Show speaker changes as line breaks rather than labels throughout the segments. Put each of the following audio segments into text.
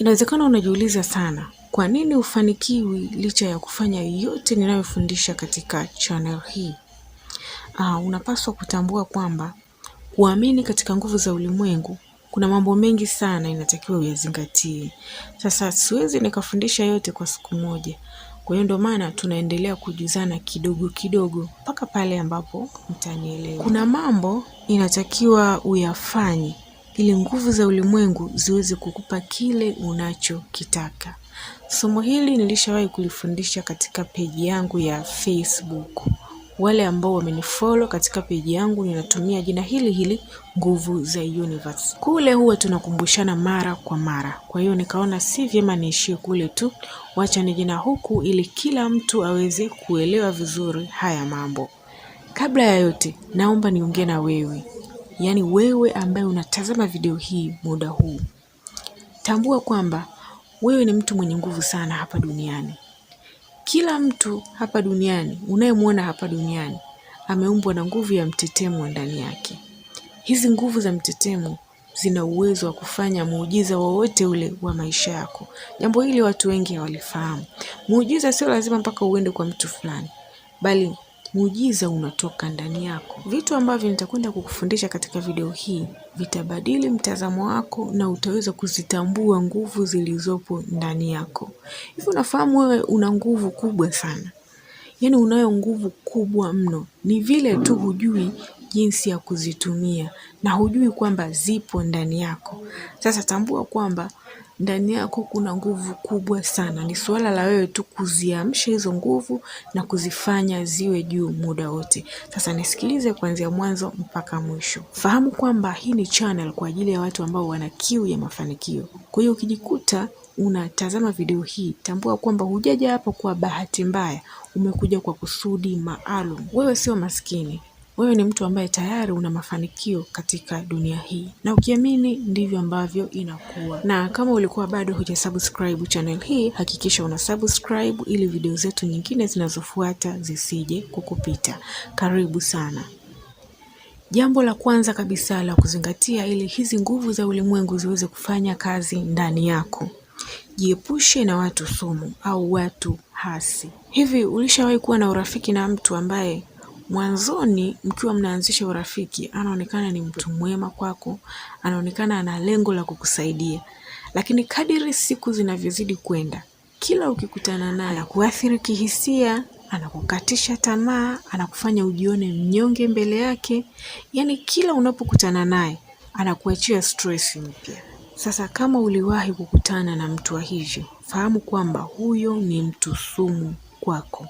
Inawezekana unajiuliza sana kwa nini hufanikiwi licha ya kufanya yote ninayofundisha katika channel hii. Uh, unapaswa kutambua kwamba kuamini katika nguvu za ulimwengu kuna mambo mengi sana inatakiwa uyazingatie. Sasa siwezi nikafundisha yote kwa siku moja, kwa hiyo ndio maana tunaendelea kujuzana kidogo kidogo mpaka pale ambapo mtanielewa. Kuna mambo inatakiwa uyafanye ili nguvu za ulimwengu ziweze kukupa kile unachokitaka. Somo hili nilishawahi kulifundisha katika peji yangu ya Facebook. Wale ambao wamenifollow katika peji yangu, ninatumia jina hili hili, nguvu za universe. Kule huwa tunakumbushana mara kwa mara, kwa hiyo nikaona si vyema niishie kule tu, wacha nije na huku, ili kila mtu aweze kuelewa vizuri haya mambo. Kabla ya yote, naomba niongee na wewe yaani wewe ambaye unatazama video hii muda huu, tambua kwamba wewe ni mtu mwenye nguvu sana hapa duniani. Kila mtu hapa duniani unayemwona hapa duniani ameumbwa na nguvu ya mtetemo ndani yake. Hizi nguvu za mtetemo zina uwezo wa kufanya muujiza wowote ule wa maisha yako. Jambo hili watu wengi hawalifahamu. Muujiza sio lazima mpaka uende kwa mtu fulani, bali muujiza unatoka ndani yako. Vitu ambavyo nitakwenda kukufundisha katika video hii vitabadili mtazamo wako na utaweza kuzitambua nguvu zilizopo ndani yako. Hivi unafahamu wewe una nguvu kubwa sana yani unayo nguvu kubwa mno, ni vile tu hujui jinsi ya kuzitumia na hujui kwamba zipo ndani yako. Sasa tambua kwamba ndani yako kuna nguvu kubwa sana, ni suala la wewe tu kuziamsha hizo nguvu na kuzifanya ziwe juu muda wote. Sasa nisikilize kuanzia mwanzo mpaka mwisho, fahamu kwamba hii ni channel kwa ajili ya watu ambao wana kiu ya mafanikio. Kwa hiyo ukijikuta unatazama video hii, tambua kwamba hujaja hapa kwa bahati mbaya, umekuja kwa kusudi maalum. Wewe sio maskini, wewe ni mtu ambaye tayari una mafanikio katika dunia hii, na ukiamini ndivyo ambavyo inakuwa. Na kama ulikuwa bado hujasubscribe channel hii, hakikisha una subscribe ili video zetu nyingine zinazofuata zisije kukupita. Karibu sana. Jambo la kwanza kabisa la kuzingatia ili hizi nguvu za ulimwengu ziweze kufanya kazi ndani yako Jiepushe na watu sumu au watu hasi. Hivi ulishawahi kuwa na urafiki na mtu ambaye mwanzoni mkiwa mnaanzisha urafiki anaonekana ni mtu mwema kwako, anaonekana ana lengo la kukusaidia, lakini kadiri siku zinavyozidi kwenda, kila ukikutana naye anakuathiri kihisia, anakukatisha tamaa, anakufanya ujione mnyonge mbele yake. Yaani kila unapokutana naye anakuachia stress mpya. Sasa kama uliwahi kukutana na mtu wa hivyo, fahamu kwamba huyo ni mtu sumu kwako.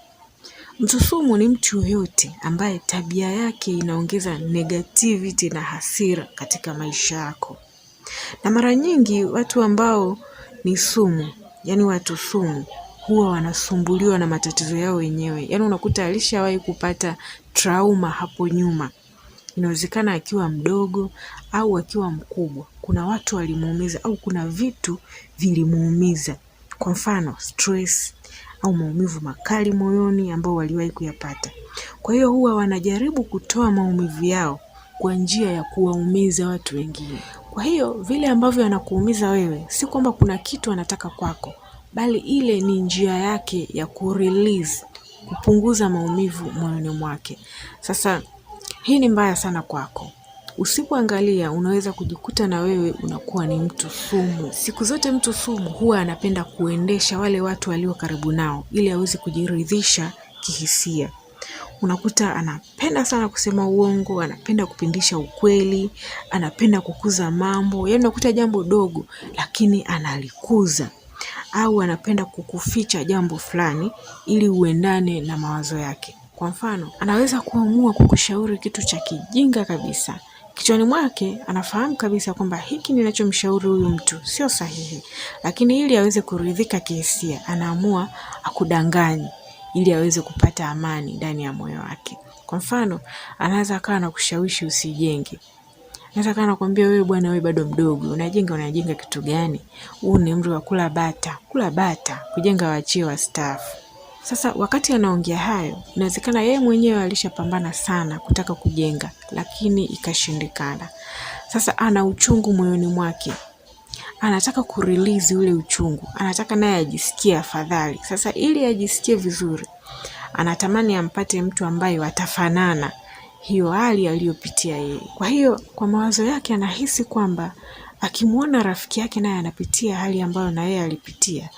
Mtu sumu ni mtu yoyote ambaye tabia yake inaongeza negativity na hasira katika maisha yako, na mara nyingi watu ambao ni sumu, yani watu sumu huwa wanasumbuliwa na matatizo yao wenyewe. Yani unakuta alishawahi kupata trauma hapo nyuma, inawezekana akiwa mdogo au akiwa mkubwa, kuna watu walimuumiza au kuna vitu vilimuumiza, kwa mfano stress au maumivu makali moyoni ambao waliwahi kuyapata. Kwa hiyo huwa wanajaribu kutoa maumivu yao kwa njia ya kuwaumiza watu wengine. Kwa hiyo vile ambavyo anakuumiza wewe, si kwamba kuna kitu anataka kwako, bali ile ni njia yake ya kurelease, kupunguza maumivu moyoni mwake. Sasa hii ni mbaya sana kwako. Usipoangalia unaweza kujikuta na wewe unakuwa ni mtu sumu. Siku zote mtu sumu huwa anapenda kuendesha wale watu walio karibu nao ili aweze kujiridhisha kihisia. Unakuta anapenda sana kusema uongo, anapenda kupindisha ukweli, anapenda kukuza mambo. Yaani unakuta jambo dogo lakini analikuza au anapenda kukuficha jambo fulani ili uendane na mawazo yake. Kwa mfano, anaweza kuamua kukushauri kitu cha kijinga kabisa Kichwani mwake anafahamu kabisa kwamba hiki ninachomshauri huyu mtu sio sahihi, lakini ili aweze kuridhika kihisia, anaamua akudanganyi ili aweze kupata amani ndani ya moyo wake. Kwa mfano, anaweza akawa kushawishi usijenge, naweza kaa anakuambia wewe, bwana, wewe bado mdogo, unajenga unajenga kitu gani? Huu ni mri wa kula bata, kula bata, kujenga wachie wastafu sasa wakati anaongea hayo, inawezekana yeye mwenyewe alishapambana sana kutaka kujenga, lakini ikashindikana. Sasa ana uchungu moyoni mwake, anataka kurelease ule uchungu, anataka naye ajisikie afadhali. Sasa ili ajisikie vizuri, anatamani ampate mtu ambaye watafanana hiyo hali aliyopitia yeye. Kwa hiyo kwa mawazo yake anahisi kwamba akimwona rafiki yake naye anapitia hali ambayo na yeye alipitia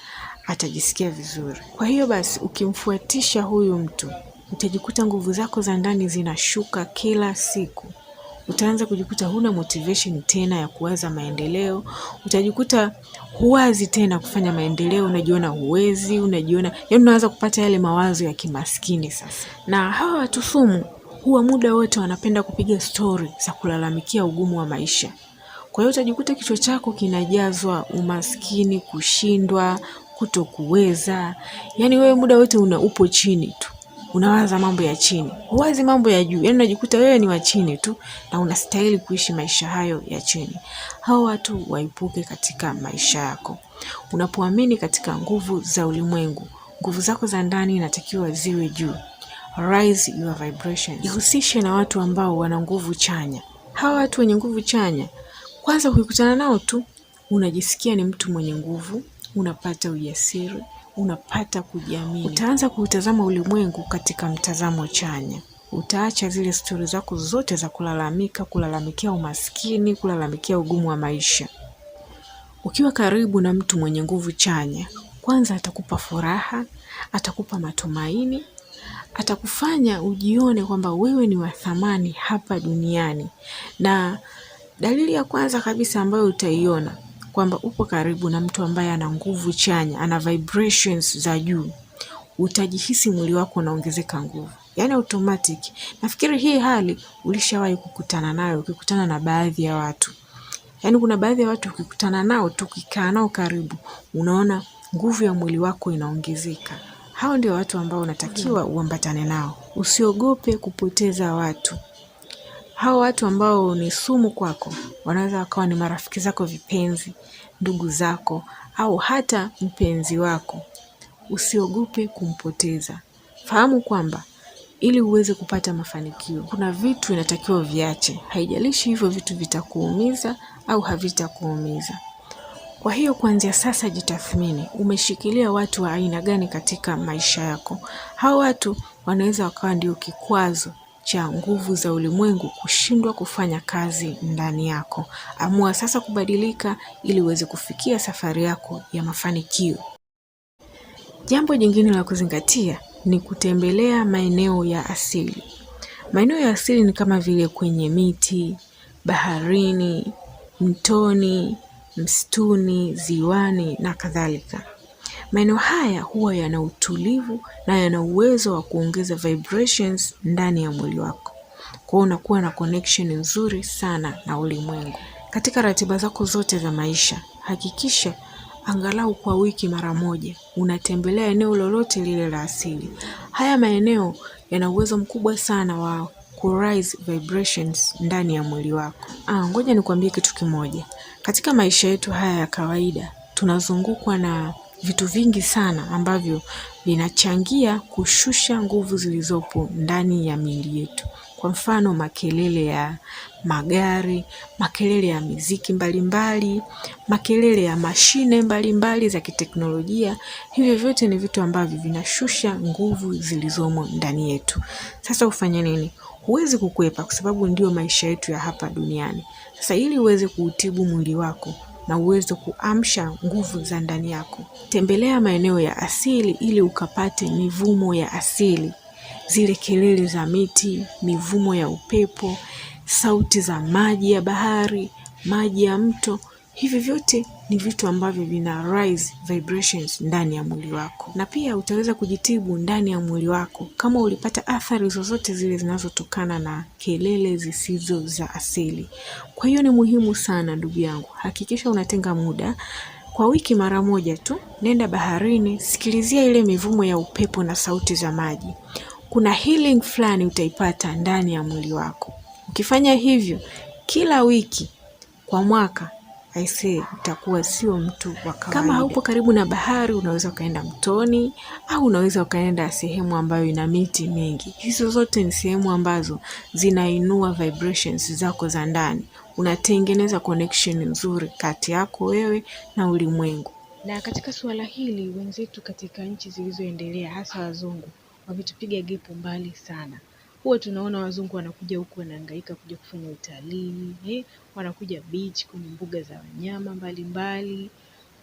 atajisikia vizuri. Kwa hiyo basi, ukimfuatisha huyu mtu utajikuta nguvu zako za ndani zinashuka kila siku. Utaanza kujikuta huna motivation tena ya kuwaza maendeleo, utajikuta huwazi tena kufanya maendeleo, unajiona huwezi, unajiona yaani, unaanza kupata yale mawazo ya kimaskini sasa. Na hawa watu sumu huwa muda wote wanapenda kupiga stori za kulalamikia ugumu wa maisha. Kwa hiyo utajikuta kichwa chako kinajazwa umaskini, kushindwa, kutokuweza. Yaani wewe muda wote una upo chini tu, unawaza mambo ya chini, huwazi mambo ya juu. Yaani unajikuta wewe ni wa chini tu na unastahili kuishi maisha hayo ya chini. Hao watu waipuke katika maisha yako. Unapoamini katika nguvu za ulimwengu, nguvu zako za ndani inatakiwa ziwe juu. Rise your vibration. Ihusishe na watu ambao wana nguvu chanya. Hawa watu wenye nguvu chanya, kwanza ukikutana nao tu unajisikia ni mtu mwenye nguvu, unapata ujasiri, unapata kujiamini. Utaanza kuutazama ulimwengu katika mtazamo chanya. Utaacha zile stori zako zote za kulalamika, kulalamikia umaskini, kulalamikia ugumu wa maisha. Ukiwa karibu na mtu mwenye nguvu chanya, kwanza atakupa furaha, atakupa matumaini, atakufanya ujione kwamba wewe ni wa thamani hapa duniani. Na dalili ya kwanza kabisa ambayo utaiona kwamba upo karibu na mtu ambaye ana nguvu chanya, ana vibrations za juu, utajihisi mwili wako unaongezeka nguvu, yani automatic. Nafikiri hii hali ulishawahi kukutana nayo, ukikutana na baadhi ya watu Yani kuna baadhi ya watu ukikutana nao tu, ukikaa nao karibu, unaona nguvu ya mwili wako inaongezeka. Hao ndio watu ambao unatakiwa uambatane nao. Usiogope kupoteza watu hao watu ambao ni sumu kwako wanaweza wakawa ni marafiki zako vipenzi, ndugu zako au hata mpenzi wako. Usiogope kumpoteza. Fahamu kwamba ili uweze kupata mafanikio, kuna vitu inatakiwa viache, haijalishi hivyo vitu vitakuumiza au havitakuumiza. Kwa hiyo kuanzia sasa jitathmini, umeshikilia watu wa aina gani katika maisha yako? Hao watu wanaweza wakawa ndio kikwazo cha nguvu za ulimwengu kushindwa kufanya kazi ndani yako. Amua sasa kubadilika ili uweze kufikia safari yako ya mafanikio. Jambo jingine la kuzingatia ni kutembelea maeneo ya asili. Maeneo ya asili ni kama vile kwenye miti, baharini, mtoni, msituni, ziwani na kadhalika. Maeneo haya huwa yana utulivu na yana uwezo wa kuongeza vibrations ndani ya mwili wako. Kwa hiyo unakuwa na connection nzuri sana na ulimwengu. Katika ratiba zako zote za maisha, hakikisha angalau kwa wiki mara moja unatembelea eneo lolote lile la asili. Haya maeneo yana uwezo mkubwa sana wa raise vibrations ndani ya mwili wako. Ah, ngoja nikwambie kitu kimoja. Katika maisha yetu haya ya kawaida tunazungukwa na vitu vingi sana ambavyo vinachangia kushusha nguvu zilizopo ndani ya miili yetu. Kwa mfano, makelele ya magari, makelele ya miziki mbalimbali mbali, makelele ya mashine mbalimbali mbali za kiteknolojia. Hivyo vyote ni vitu ambavyo vinashusha nguvu zilizomo ndani yetu. Sasa ufanye nini? Huwezi kukwepa, kwa sababu ndio maisha yetu ya hapa duniani. Sasa ili uweze kuutibu mwili wako na uweze kuamsha nguvu za ndani yako. Tembelea maeneo ya asili ili ukapate mivumo ya asili, zile kelele za miti, mivumo ya upepo, sauti za maji ya bahari, maji ya mto, hivi vyote ni vitu ambavyo vina rise vibrations ndani ya mwili wako, na pia utaweza kujitibu ndani ya mwili wako kama ulipata athari zozote zile zinazotokana na kelele zisizo za asili. Kwa hiyo ni muhimu sana ndugu yangu, hakikisha unatenga muda kwa wiki mara moja tu, nenda baharini, sikilizia ile mivumo ya upepo na sauti za maji. Kuna healing fulani utaipata ndani ya mwili wako ukifanya hivyo kila wiki kwa mwaka aise utakuwa sio mtu wa kawaida. Kama haupo karibu na bahari, unaweza ukaenda mtoni au unaweza ukaenda sehemu ambayo ina miti mingi. Hizo zote ni sehemu ambazo zinainua vibrations zako za ndani, unatengeneza connection nzuri kati yako wewe na ulimwengu. Na katika suala hili wenzetu katika nchi zilizoendelea, hasa wazungu, wametupiga gepu mbali sana huwa tunaona wazungu wanakuja huku wanahangaika kuja kufanya utalii eh, wanakuja beach, kwenye mbuga za wanyama mbalimbali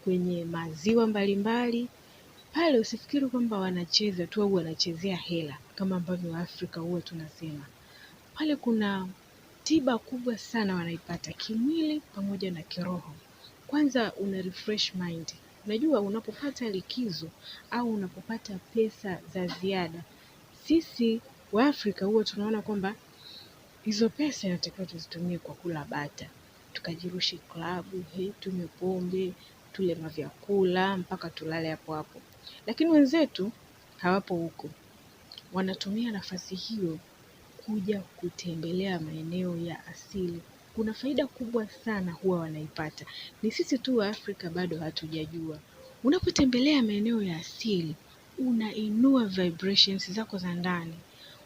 kwenye maziwa mbalimbali Pale usifikiri kwamba wanacheza tu au wanachezea hela kama ambavyo Waafrika huwa tunasema. Pale kuna tiba kubwa sana wanaipata kimwili pamoja na kiroho. Kwanza una refresh mind. Unajua, unapopata likizo au unapopata pesa za ziada, sisi Waafrika huwa tunaona kwamba hizo pesa inatakiwa tuzitumie kwa kula bata, tukajirushi klabu, tunywe pombe, tule mavyakula mpaka tulale hapo hapo, lakini wenzetu hawapo huko, wanatumia nafasi hiyo kuja kutembelea maeneo ya asili. Kuna faida kubwa sana huwa wanaipata, ni sisi tu wa afrika bado hatujajua. Unapotembelea maeneo ya asili unainua vibrations zako za ndani.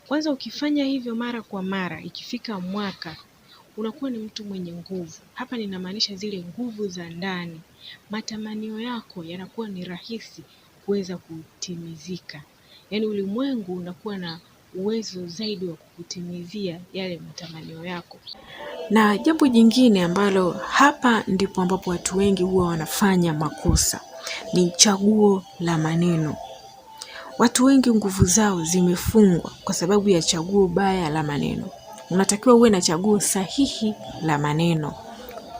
Kwanza ukifanya hivyo mara kwa mara, ikifika mwaka unakuwa ni mtu mwenye nguvu. Hapa ninamaanisha zile nguvu za ndani. Matamanio yako yanakuwa ni rahisi kuweza kutimizika, yaani ulimwengu unakuwa na uwezo zaidi wa kukutimizia yale matamanio yako. Na jambo jingine ambalo hapa ndipo ambapo watu wengi huwa wanafanya makosa ni chaguo la maneno. Watu wengi nguvu zao zimefungwa kwa sababu ya chaguo baya la maneno. Unatakiwa uwe na chaguo sahihi la maneno.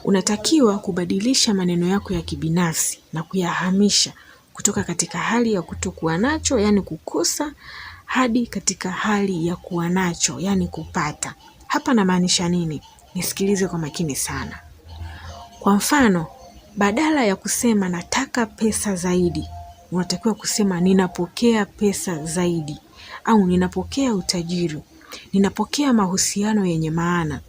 Unatakiwa kubadilisha maneno yako ya kibinafsi na kuyahamisha kutoka katika hali ya kutokuwa nacho, yaani kukosa, hadi katika hali ya kuwa nacho, yaani kupata. Hapa namaanisha nini? Nisikilize kwa makini sana. Kwa mfano, badala ya kusema nataka pesa zaidi, unatakiwa kusema ninapokea pesa zaidi, au ninapokea utajiri, ninapokea mahusiano yenye maana,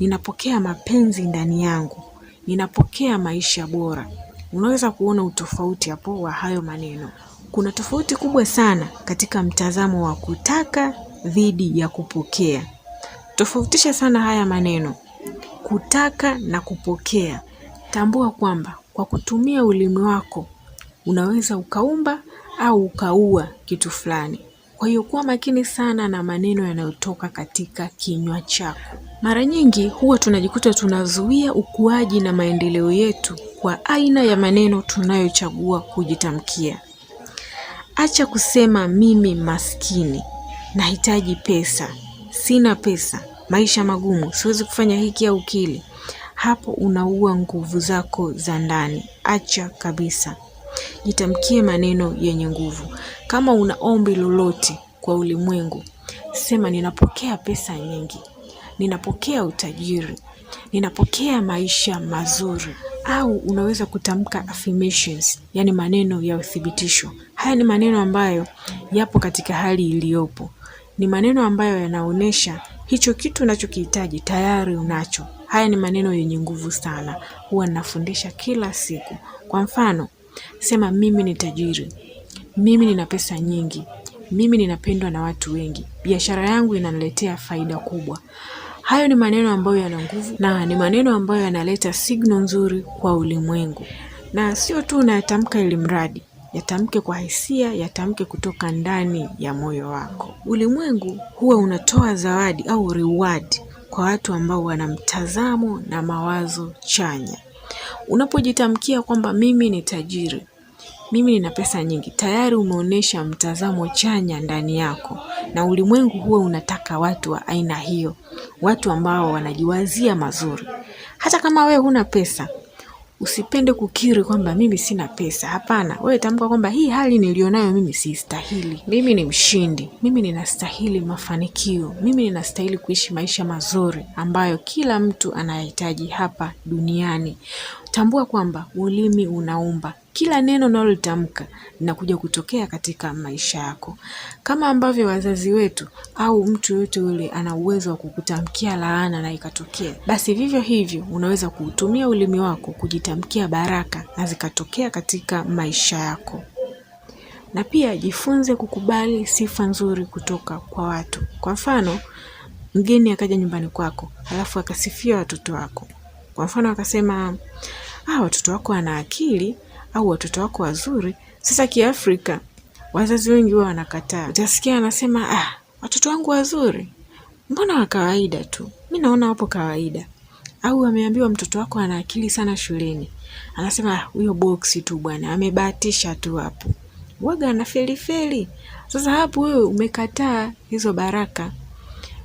ninapokea mapenzi ndani yangu, ninapokea maisha bora. Unaweza kuona utofauti hapo wa hayo maneno. Kuna tofauti kubwa sana katika mtazamo wa kutaka dhidi ya kupokea. Tofautisha sana haya maneno kutaka na kupokea. Tambua kwamba kwa kutumia ulimi wako unaweza ukaumba au ukaua kitu fulani. Kwa hiyo kuwa makini sana na maneno yanayotoka katika kinywa chako. Mara nyingi huwa tunajikuta tunazuia ukuaji na maendeleo yetu kwa aina ya maneno tunayochagua kujitamkia. Acha kusema mimi maskini, nahitaji pesa, sina pesa, maisha magumu, siwezi kufanya hiki au kile. Hapo unaua nguvu zako za ndani. Acha kabisa. Jitamkie maneno yenye nguvu. Kama una ombi lolote kwa ulimwengu, sema ninapokea pesa nyingi, ninapokea utajiri, ninapokea maisha mazuri. Au unaweza kutamka affirmations, yani maneno ya uthibitisho. Haya ni maneno ambayo yapo katika hali iliyopo, ni maneno ambayo yanaonyesha hicho kitu unachokihitaji tayari unacho. Haya ni maneno yenye nguvu sana, huwa nafundisha kila siku. Kwa mfano Sema mimi ni tajiri, mimi nina pesa nyingi, mimi ninapendwa na watu wengi, biashara yangu inaniletea faida kubwa. Hayo ni maneno ambayo yana nguvu na ni maneno ambayo yanaleta signal nzuri kwa ulimwengu, na sio tu unayatamka ili mradi yatamke kwa hisia, yatamke kutoka ndani ya moyo wako. Ulimwengu huwa unatoa zawadi au reward kwa watu ambao wana mtazamo na mawazo chanya. Unapojitamkia kwamba mimi ni tajiri, mimi nina pesa nyingi, tayari umeonyesha mtazamo chanya ndani yako, na ulimwengu huwa unataka watu wa aina hiyo, watu ambao wanajiwazia mazuri. Hata kama wewe huna pesa, Usipende kukiri kwamba mimi sina pesa. Hapana, wewe tamka kwamba hii hali nilionayo mimi sistahili. Mimi ni mshindi, mimi ninastahili mafanikio, mimi ninastahili kuishi maisha mazuri ambayo kila mtu anayahitaji hapa duniani. Tambua kwamba ulimi unaumba. Kila neno unalolitamka linakuja kutokea katika maisha yako, kama ambavyo wazazi wetu au mtu yoyote yule ana uwezo wa kukutamkia laana na ikatokea, basi vivyo hivyo unaweza kuutumia ulimi wako kujitamkia baraka na zikatokea katika maisha yako. Na pia jifunze kukubali sifa nzuri kutoka kwa watu. Kwa mfano, mgeni akaja nyumbani kwako, alafu akasifia watoto wako. Kwa mfano akasema ah, watoto wako wana akili au watoto wako wazuri. Sasa Kiafrika wazazi wengi huwa wanakataa, utasikia anasema ah, watoto wangu wazuri, mbona wa kawaida tu, mi naona wapo kawaida. Au ameambiwa mtoto wako ana akili sana shuleni, anasema ah, huyo boksi tu bwana, amebahatisha tu hapo, waga ana felifeli. Sasa hapo wewe umekataa hizo baraka,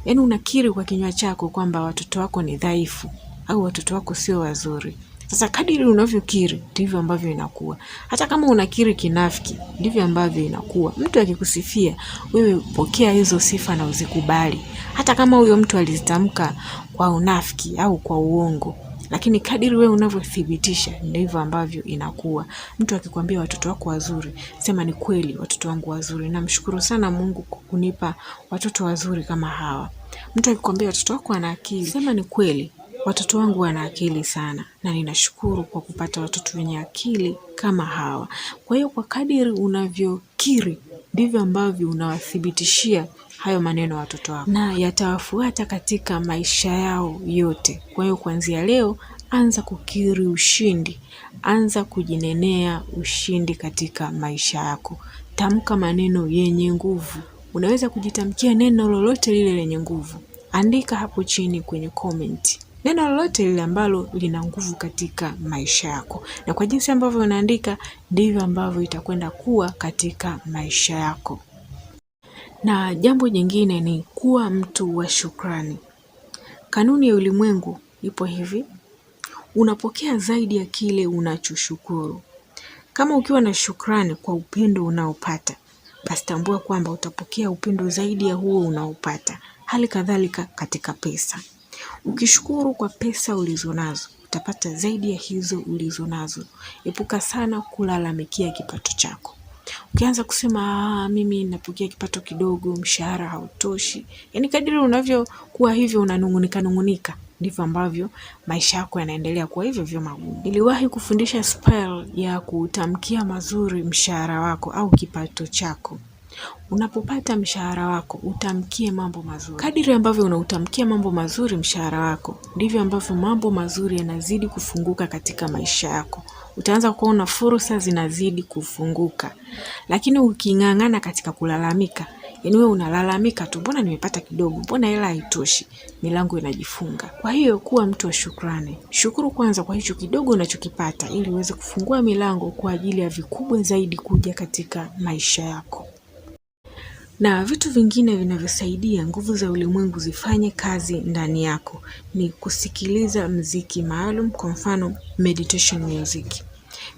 yaani unakiri kwa kinywa chako kwamba watoto wako ni dhaifu au watoto wako sio wazuri. Sasa kadiri unavyokiri ndivyo ambavyo inakuwa. Hata kama unakiri kinafiki, ndivyo ambavyo inakuwa. Mtu akikusifia wewe, pokea hizo sifa na uzikubali, hata kama huyo mtu alizitamka kwa unafiki au kwa uongo lakini kadiri wewe unavyothibitisha ndivyo ambavyo inakuwa. Mtu akikwambia watoto wako wazuri, sema ni kweli, watoto wangu wazuri, namshukuru sana Mungu kwa kunipa watoto wazuri kama hawa. Mtu akikwambia watoto wako wana akili, sema ni kweli, Watoto wangu wana akili sana na ninashukuru kwa kupata watoto wenye akili kama hawa. Kwa hiyo kwa kadiri unavyokiri ndivyo ambavyo unawathibitishia hayo maneno watoto wako na yatawafuata katika maisha yao yote. Kwa hiyo kuanzia leo anza kukiri ushindi, anza kujinenea ushindi katika maisha yako. Tamka maneno yenye nguvu. Unaweza kujitamkia neno lolote lile lenye nguvu. Andika hapo chini kwenye komenti neno lolote lile ambalo lina nguvu katika maisha yako, na kwa jinsi ambavyo unaandika ndivyo ambavyo itakwenda kuwa katika maisha yako. Na jambo jingine ni kuwa mtu wa shukrani. Kanuni ya ulimwengu ipo hivi: unapokea zaidi ya kile unachoshukuru. Kama ukiwa na shukrani kwa upendo unaopata, basi tambua kwamba utapokea upendo zaidi ya huo unaopata. Hali kadhalika katika pesa. Ukishukuru kwa pesa ulizonazo utapata zaidi ya hizo ulizonazo. Epuka sana kulalamikia kipato chako. Ukianza kusema ah, mimi napokea kipato kidogo, mshahara hautoshi, yaani kadiri unavyokuwa hivyo unanung'unika nung'unika, ndivyo ambavyo maisha yako yanaendelea kuwa hivyo hivyo magumu. Niliwahi kufundisha spell ya kutamkia mazuri mshahara wako au kipato chako. Unapopata mshahara wako utamkie mambo mazuri. Kadiri ambavyo unautamkia mambo mazuri mshahara wako, ndivyo ambavyo mambo mazuri yanazidi kufunguka katika maisha yako. Utaanza kuona fursa zinazidi kufunguka, lakini uking'ang'ana katika kulalamika, yaani wewe unalalamika tu, mbona nimepata kidogo, mbona hela haitoshi, milango inajifunga. Kwa hiyo kuwa mtu wa shukrani, shukuru kwanza kwa hicho kidogo unachokipata, ili uweze kufungua milango kwa ajili ya vikubwa zaidi kuja katika maisha yako na vitu vingine vinavyosaidia nguvu za ulimwengu zifanye kazi ndani yako ni kusikiliza mziki maalum kwa mfano meditation music.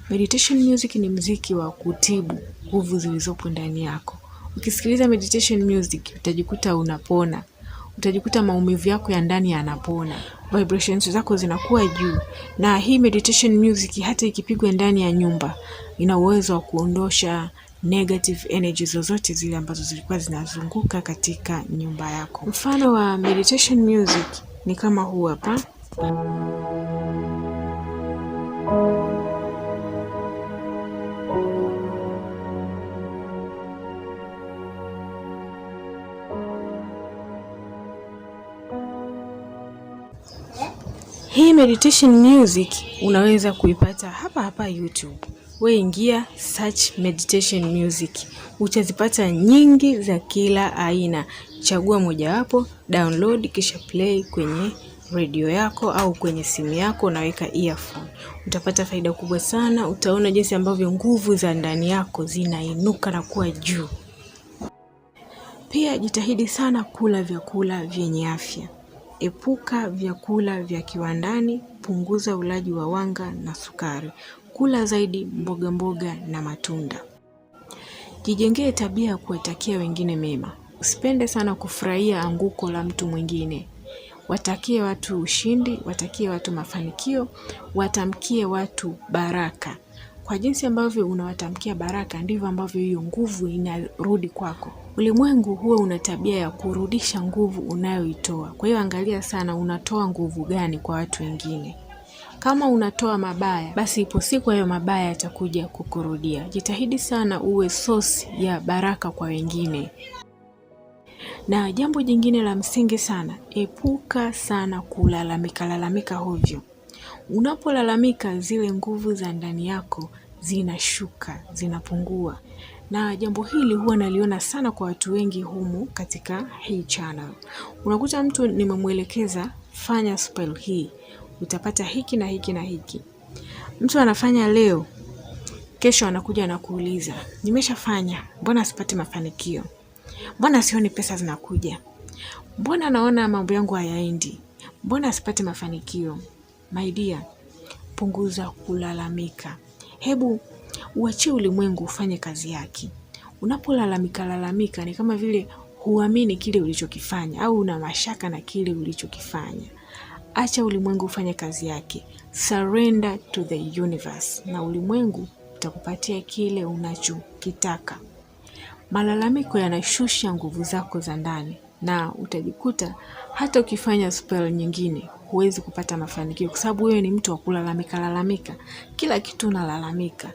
Meditation music ni mziki wa kutibu nguvu zilizopo ndani yako. Ukisikiliza meditation music utajikuta unapona. Utajikuta maumivu yako ya ndani yanapona. Vibrations zako zinakuwa juu. Na hii meditation music hata ikipigwa ndani ya nyumba ina uwezo wa kuondosha negative energy zozote zile ambazo zilikuwa zinazunguka katika nyumba yako. Mfano wa meditation music ni kama huu hapa. Hii meditation music unaweza kuipata hapa hapa YouTube we ingia search meditation music, utazipata nyingi za kila aina. Chagua mojawapo, download kisha play kwenye redio yako au kwenye simu yako, unaweka earphone. Utapata faida kubwa sana, utaona jinsi ambavyo nguvu za ndani yako zinainuka na kuwa juu. Pia jitahidi sana kula vyakula vyenye afya. Epuka vyakula vya kiwandani, punguza ulaji wa wanga na sukari kula zaidi mboga mboga na matunda. Jijengee tabia ya kuwatakia wengine mema. Usipende sana kufurahia anguko la mtu mwingine. Watakie watu ushindi, watakie watu mafanikio, watamkie watu baraka. Kwa jinsi ambavyo unawatamkia baraka, ndivyo ambavyo hiyo nguvu inarudi kwako. Ulimwengu huwa una tabia ya kurudisha nguvu unayoitoa. Kwa hiyo, angalia sana unatoa nguvu gani kwa watu wengine. Kama unatoa mabaya, basi ipo siku hayo mabaya yatakuja kukurudia. Jitahidi sana uwe sosi ya baraka kwa wengine. Na jambo jingine la msingi sana, epuka sana kulalamika lalamika hovyo. Unapolalamika, zile nguvu za ndani yako zinashuka, zinapungua, na jambo hili huwa naliona sana kwa watu wengi humu katika hii channel. Unakuta mtu nimemwelekeza fanya spell hii utapata hiki na hiki na hiki. Mtu anafanya leo, kesho anakuja anakuuliza, nimeshafanya, mbona sipati mafanikio? Mbona sioni pesa zinakuja? Mbona naona mambo yangu hayaendi? Mbona sipati mafanikio? My dear, punguza kulalamika. Hebu uachie ulimwengu ufanye kazi yake. Unapolalamika lalamika ni kama vile huamini kile ulichokifanya au una mashaka na kile ulichokifanya. Acha ulimwengu ufanye kazi yake, surrender to the universe, na ulimwengu utakupatia kile unachokitaka. Malalamiko yanashusha nguvu zako za ndani, na utajikuta hata ukifanya spell nyingine huwezi kupata mafanikio, kwa sababu wewe ni mtu wa kulalamika lalamika, kila kitu unalalamika.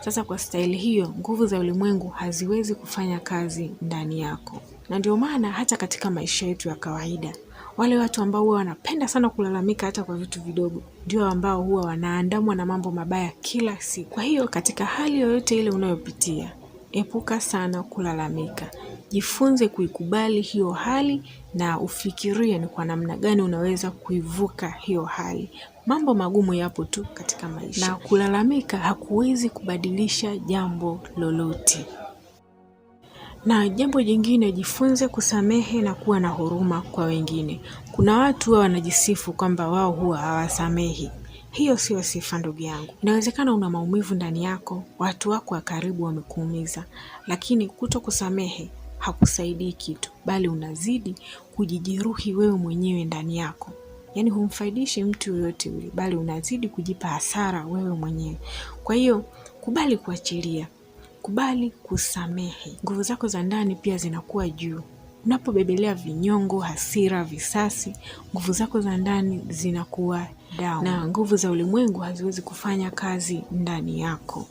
Sasa kwa staili hiyo, nguvu za ulimwengu haziwezi kufanya kazi ndani yako, na ndio maana hata katika maisha yetu ya kawaida wale watu ambao huwa wanapenda sana kulalamika hata kwa vitu vidogo ndio ambao huwa wanaandamwa na mambo mabaya kila siku. Kwa hiyo katika hali yoyote ile unayopitia, epuka sana kulalamika. Jifunze kuikubali hiyo hali na ufikirie ni kwa namna gani unaweza kuivuka hiyo hali. Mambo magumu yapo tu katika maisha, na kulalamika hakuwezi kubadilisha jambo lolote. Na jambo jingine, jifunze kusamehe na kuwa na huruma kwa wengine. Kuna watu wao wanajisifu kwamba wao huwa hawasamehi. Hiyo sio sifa ndugu yangu. Inawezekana una maumivu ndani yako, watu wako wa karibu wamekuumiza, lakini kuto kusamehe hakusaidii kitu, bali unazidi kujijeruhi wewe mwenyewe ndani yako. Yaani humfaidishi mtu yoyote yule, bali unazidi kujipa hasara wewe mwenyewe. Kwa hiyo kubali kuachilia kubali kusamehe. Nguvu zako za ndani pia zinakuwa juu. Unapobebelea vinyongo, hasira, visasi, nguvu zako za ndani zinakuwa down, na nguvu za ulimwengu haziwezi kufanya kazi ndani yako.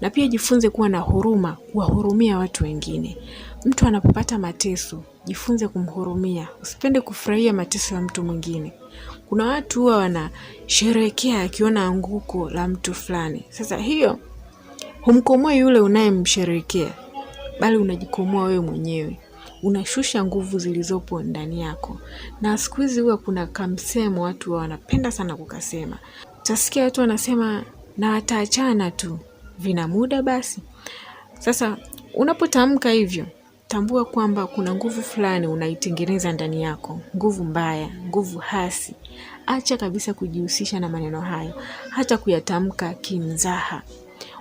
Na pia jifunze kuwa na huruma, kuwahurumia watu wengine. Mtu anapopata mateso, jifunze kumhurumia. Usipende kufurahia mateso ya mtu mwingine. Kuna watu huwa wanasherehekea akiona anguko la mtu fulani. Sasa hiyo humkomoi yule unayemsherekea, bali unajikomoa wewe mwenyewe, unashusha nguvu zilizopo ndani yako. Na siku hizi huwa kuna kamsemo watu wanapenda sana kukasema, utasikia watu wanasema na wataachana tu, vina muda basi. Sasa unapotamka hivyo tambua kwamba kuna nguvu fulani unaitengeneza ndani yako, nguvu mbaya, nguvu hasi. Acha kabisa kujihusisha na maneno hayo, hata kuyatamka kimzaha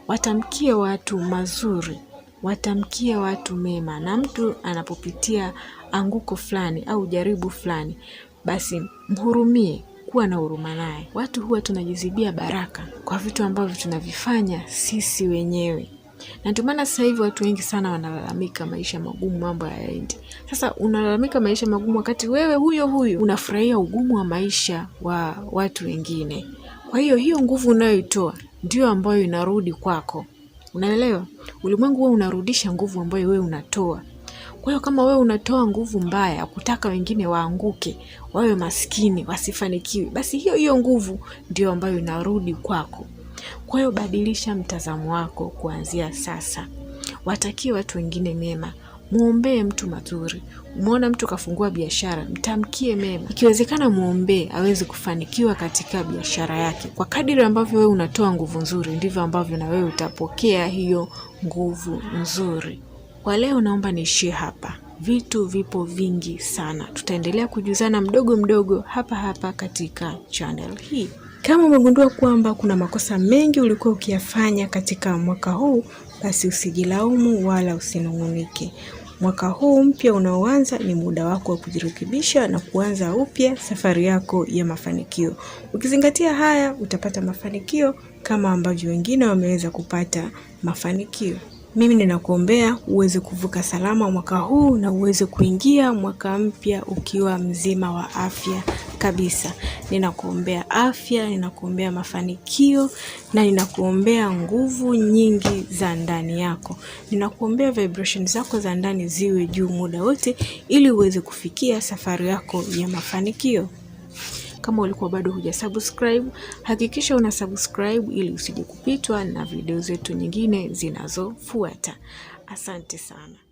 watamkie watu mazuri, watamkie watu mema. Na mtu anapopitia anguko fulani au jaribu fulani, basi mhurumie, kuwa na huruma naye. Watu huwa tunajizibia baraka kwa vitu ambavyo tunavifanya sisi wenyewe, na ndio maana sasa hivi watu wengi sana wanalalamika maisha magumu, mambo hayaendi. Sasa unalalamika maisha magumu wakati wewe huyo huyo unafurahia ugumu wa maisha wa watu wengine. Kwa hiyo hiyo nguvu unayoitoa ndiyo ambayo inarudi kwako. Unaelewa? Ulimwengu wewe unarudisha nguvu ambayo wewe unatoa. Kwa hiyo kama wewe unatoa nguvu mbaya kutaka wengine waanguke, wawe maskini, wasifanikiwe, basi hiyo hiyo nguvu ndiyo ambayo inarudi kwako. Kwa hiyo badilisha mtazamo wako kuanzia sasa. Watakie watu wengine mema mwombee mtu mazuri. Umeona mtu kafungua biashara, mtamkie mema, ikiwezekana mwombee aweze kufanikiwa katika biashara yake. Kwa kadiri ambavyo wewe unatoa nguvu nzuri, ndivyo ambavyo na wewe utapokea hiyo nguvu nzuri. Kwa leo naomba niishie hapa. Vitu vipo vingi sana, tutaendelea kujuzana mdogo mdogo hapa hapa katika channel hii. Kama umegundua kwamba kuna makosa mengi ulikuwa ukiyafanya katika mwaka huu basi usijilaumu wala usinung'unike. Mwaka huu mpya unaoanza ni muda wako wa kujirekebisha na kuanza upya safari yako ya mafanikio. Ukizingatia haya, utapata mafanikio kama ambavyo wengine wameweza kupata mafanikio. Mimi ninakuombea uweze kuvuka salama mwaka huu na uweze kuingia mwaka mpya ukiwa mzima wa afya kabisa. Ninakuombea afya, ninakuombea mafanikio na ninakuombea nguvu nyingi za ndani yako. Ninakuombea vibration zako za ndani ziwe juu muda wote ili uweze kufikia safari yako ya mafanikio. Kama ulikuwa bado huja subscribe, hakikisha una subscribe ili usije kupitwa na video zetu nyingine zinazofuata. Asante sana.